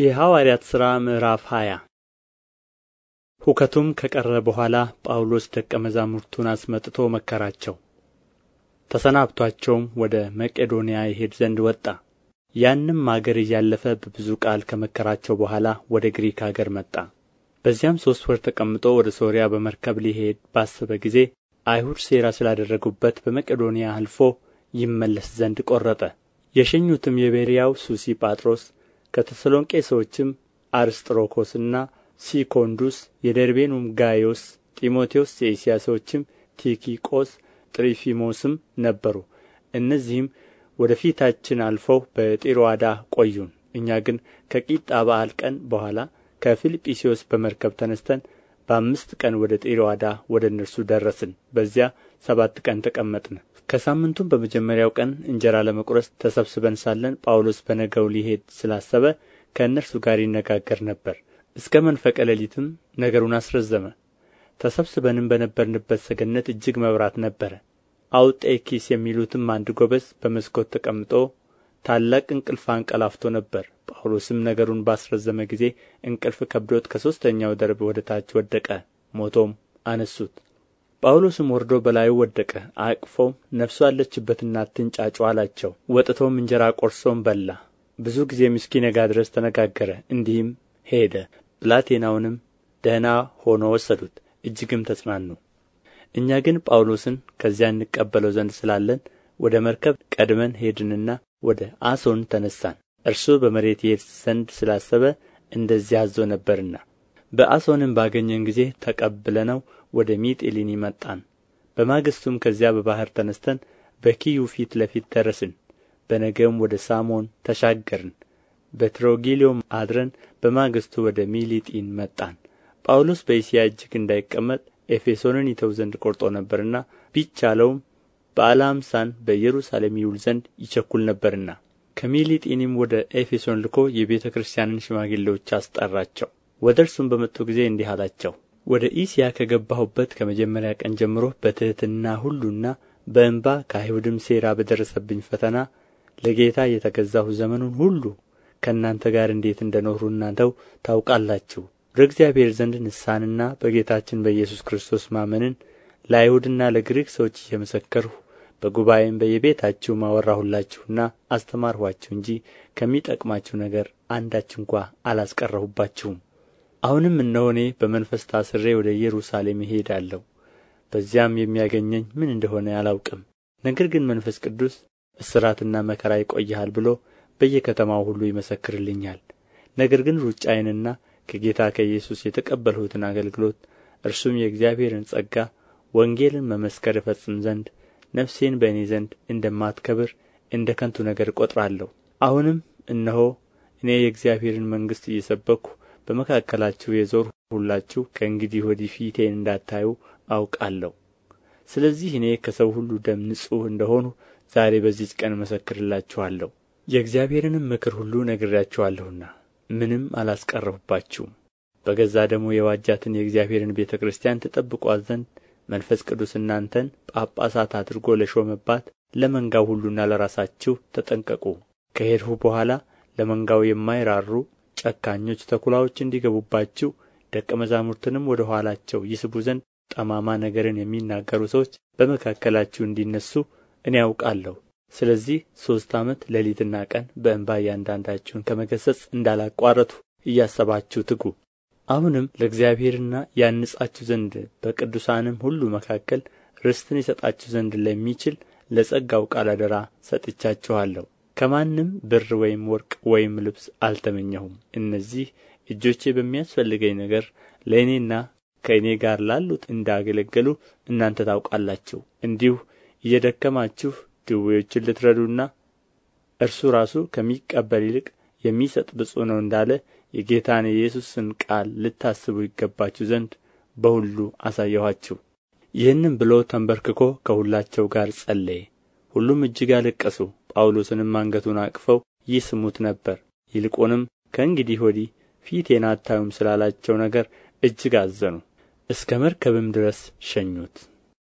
የሐዋርያት ሥራ ምዕራፍ 20 ሁከቱም ከቀረ በኋላ ጳውሎስ ደቀ መዛሙርቱን አስመጥቶ መከራቸው፣ ተሰናብቷቸውም ወደ መቄዶንያ ይሄድ ዘንድ ወጣ። ያንም አገር እያለፈ በብዙ ቃል ከመከራቸው በኋላ ወደ ግሪክ አገር መጣ። በዚያም ሦስት ወር ተቀምጦ ወደ ሶርያ በመርከብ ሊሄድ ባሰበ ጊዜ አይሁድ ሴራ ስላደረጉበት በመቄዶንያ አልፎ ይመለስ ዘንድ ቈረጠ። የሸኙትም የቤርያው ሱሲ ጳጥሮስ ከተሰሎንቄ ሰዎችም አርስጥሮኮስና ሲኮንዱስ የደርቤኑም ጋዮስ፣ ጢሞቴዎስ የእስያ ሰዎችም ቲኪቆስ ጥሪፊሞስም ነበሩ እነዚህም ወደ ፊታችን አልፈው በጢሮአዳ ቆዩን እኛ ግን ከቂጣ በዓል ቀን በኋላ ከፊልጵስዩስ በመርከብ ተነስተን በአምስት ቀን ወደ ጢሮአዳ ወደ እነርሱ ደረስን በዚያ ሰባት ቀን ተቀመጥን ከሳምንቱም በመጀመሪያው ቀን እንጀራ ለመቁረስ ተሰብስበን ሳለን ጳውሎስ በነገው ሊሄድ ስላሰበ ከእነርሱ ጋር ይነጋገር ነበር እስከ መንፈቀ ሌሊትም ነገሩን አስረዘመ ተሰብስበንም በነበርንበት ሰገነት እጅግ መብራት ነበረ አውጤኪስ የሚሉትም አንድ ጎበዝ በመስኮት ተቀምጦ ታላቅ እንቅልፍ አንቀላፍቶ ነበር። ጳውሎስም ነገሩን ባስረዘመ ጊዜ እንቅልፍ ከብዶት ከሦስተኛው ደርብ ወደ ታች ወደቀ፣ ሞቶም አነሱት። ጳውሎስም ወርዶ በላዩ ወደቀ አቅፎም ነፍሱ አለችበትና አትንጫጩ አላቸው ወጥቶም እንጀራ ቆርሶም በላ ብዙ ጊዜም እስኪነጋ ድረስ ተነጋገረ እንዲህም ሄደ ብላቴናውንም ደህና ሆኖ ወሰዱት እጅግም ተጽናኑ እኛ ግን ጳውሎስን ከዚያ እንቀበለው ዘንድ ስላለን ወደ መርከብ ቀድመን ሄድንና ወደ አሶን ተነሳን እርሱ በመሬት ይሄድ ዘንድ ስላሰበ እንደዚያ አዞ ነበርና በአሶንም ባገኘን ጊዜ ተቀብለነው ወደ ሚጢሊኒ መጣን በማግስቱም ከዚያ በባሕር ተነስተን በኪዩ ፊት ለፊት ደረስን በነገም ወደ ሳሞን ተሻገርን በትሮጊሊዮም አድረን በማግስቱ ወደ ሚሊጢን መጣን ጳውሎስ በእስያ እጅግ እንዳይቀመጥ ኤፌሶንን ይተው ዘንድ ቆርጦ ነበርና ቢቻለውም በዓለ ኀምሳን በኢየሩሳሌም ይውል ዘንድ ይቸኩል ነበርና ከሚሊጢንም ወደ ኤፌሶን ልኮ የቤተ ክርስቲያንን ሽማግሌዎች አስጠራቸው ወደ እርሱም በመጡ ጊዜ እንዲህ አላቸው ወደ ኢስያ ከገባሁበት ከመጀመሪያ ቀን ጀምሮ በትሕትና ሁሉና በእንባ ከአይሁድም ሴራ በደረሰብኝ ፈተና ለጌታ የተገዛሁ ዘመኑን ሁሉ ከእናንተ ጋር እንዴት እንደ ኖሩ እናንተው ታውቃላችሁ። ወደ እግዚአብሔር ዘንድ ንስሐንና በጌታችን በኢየሱስ ክርስቶስ ማመንን ለአይሁድና ለግሪክ ሰዎች እየመሰከርሁ በጉባኤም በየቤታችሁ ማወራሁላችሁና አስተማርኋችሁ እንጂ ከሚጠቅማችሁ ነገር አንዳች እንኳ አላስቀረሁባችሁም። አሁንም እነሆ እኔ በመንፈስ ታስሬ ወደ ኢየሩሳሌም እሄዳለሁ በዚያም የሚያገኘኝ ምን እንደሆነ አላውቅም ነገር ግን መንፈስ ቅዱስ እስራትና መከራ ይቆይሃል ብሎ በየከተማው ሁሉ ይመሰክርልኛል ነገር ግን ሩጫዬንና ከጌታ ከኢየሱስ የተቀበልሁትን አገልግሎት እርሱም የእግዚአብሔርን ጸጋ ወንጌልን መመስከር እፈጽም ዘንድ ነፍሴን በእኔ ዘንድ እንደማትከብር እንደ ከንቱ ነገር እቈጥራለሁ አሁንም እነሆ እኔ የእግዚአብሔርን መንግሥት እየሰበኩ በመካከላችሁ የዞር ሁላችሁ ከእንግዲህ ወዲህ ፊቴን እንዳታዩ አውቃለሁ ስለዚህ እኔ ከሰው ሁሉ ደም ንጹሕ እንደ ዛሬ በዚች ቀን እመሰክርላችኋለሁ የእግዚአብሔርንም ምክር ሁሉ ነግሬያችኋለሁና ምንም አላስቀረሁባችሁም በገዛ ደግሞ የዋጃትን የእግዚአብሔርን ቤተ ክርስቲያን ትጠብቋት ዘንድ መንፈስ ቅዱስ እናንተን ጳጳሳት አድርጎ ለሾመባት ለመንጋው ሁሉና ለራሳችሁ ተጠንቀቁ ከሄድሁ በኋላ ለመንጋው የማይራሩ ጨካኞች ተኩላዎች እንዲገቡባችሁ ደቀ መዛሙርትንም ወደ ኋላቸው ይስቡ ዘንድ ጠማማ ነገርን የሚናገሩ ሰዎች በመካከላችሁ እንዲነሱ እኔ አውቃለሁ። ስለዚህ ሦስት ዓመት ሌሊትና ቀን በእንባ እያንዳንዳችሁን ከመገሰጽ እንዳላቋረቱ እያሰባችሁ ትጉ። አሁንም ለእግዚአብሔርና ያንጻችሁ ዘንድ በቅዱሳንም ሁሉ መካከል ርስትን ይሰጣችሁ ዘንድ ለሚችል ለጸጋው ቃል አደራ ሰጥቻችኋለሁ። ከማንም ብር ወይም ወርቅ ወይም ልብስ አልተመኘሁም እነዚህ እጆቼ በሚያስፈልገኝ ነገር ለእኔና ከእኔ ጋር ላሉት እንዳገለገሉ እናንተ ታውቃላችሁ እንዲሁ እየደከማችሁ ድዌዎችን ልትረዱና እርሱ ራሱ ከሚቀበል ይልቅ የሚሰጥ ብፁዕ ነው እንዳለ የጌታን የኢየሱስን ቃል ልታስቡ ይገባችሁ ዘንድ በሁሉ አሳየኋችሁ። ይህንም ብሎ ተንበርክኮ ከሁላቸው ጋር ጸለየ። ሁሉም እጅግ አለቀሱ። ጳውሎስንም አንገቱን አቅፈው ይስሙት ነበር ይልቁንም ከእንግዲህ ወዲህ ፊቴን አታዩም ስላላቸው ነገር እጅግ አዘኑ እስከ መርከብም ድረስ ሸኙት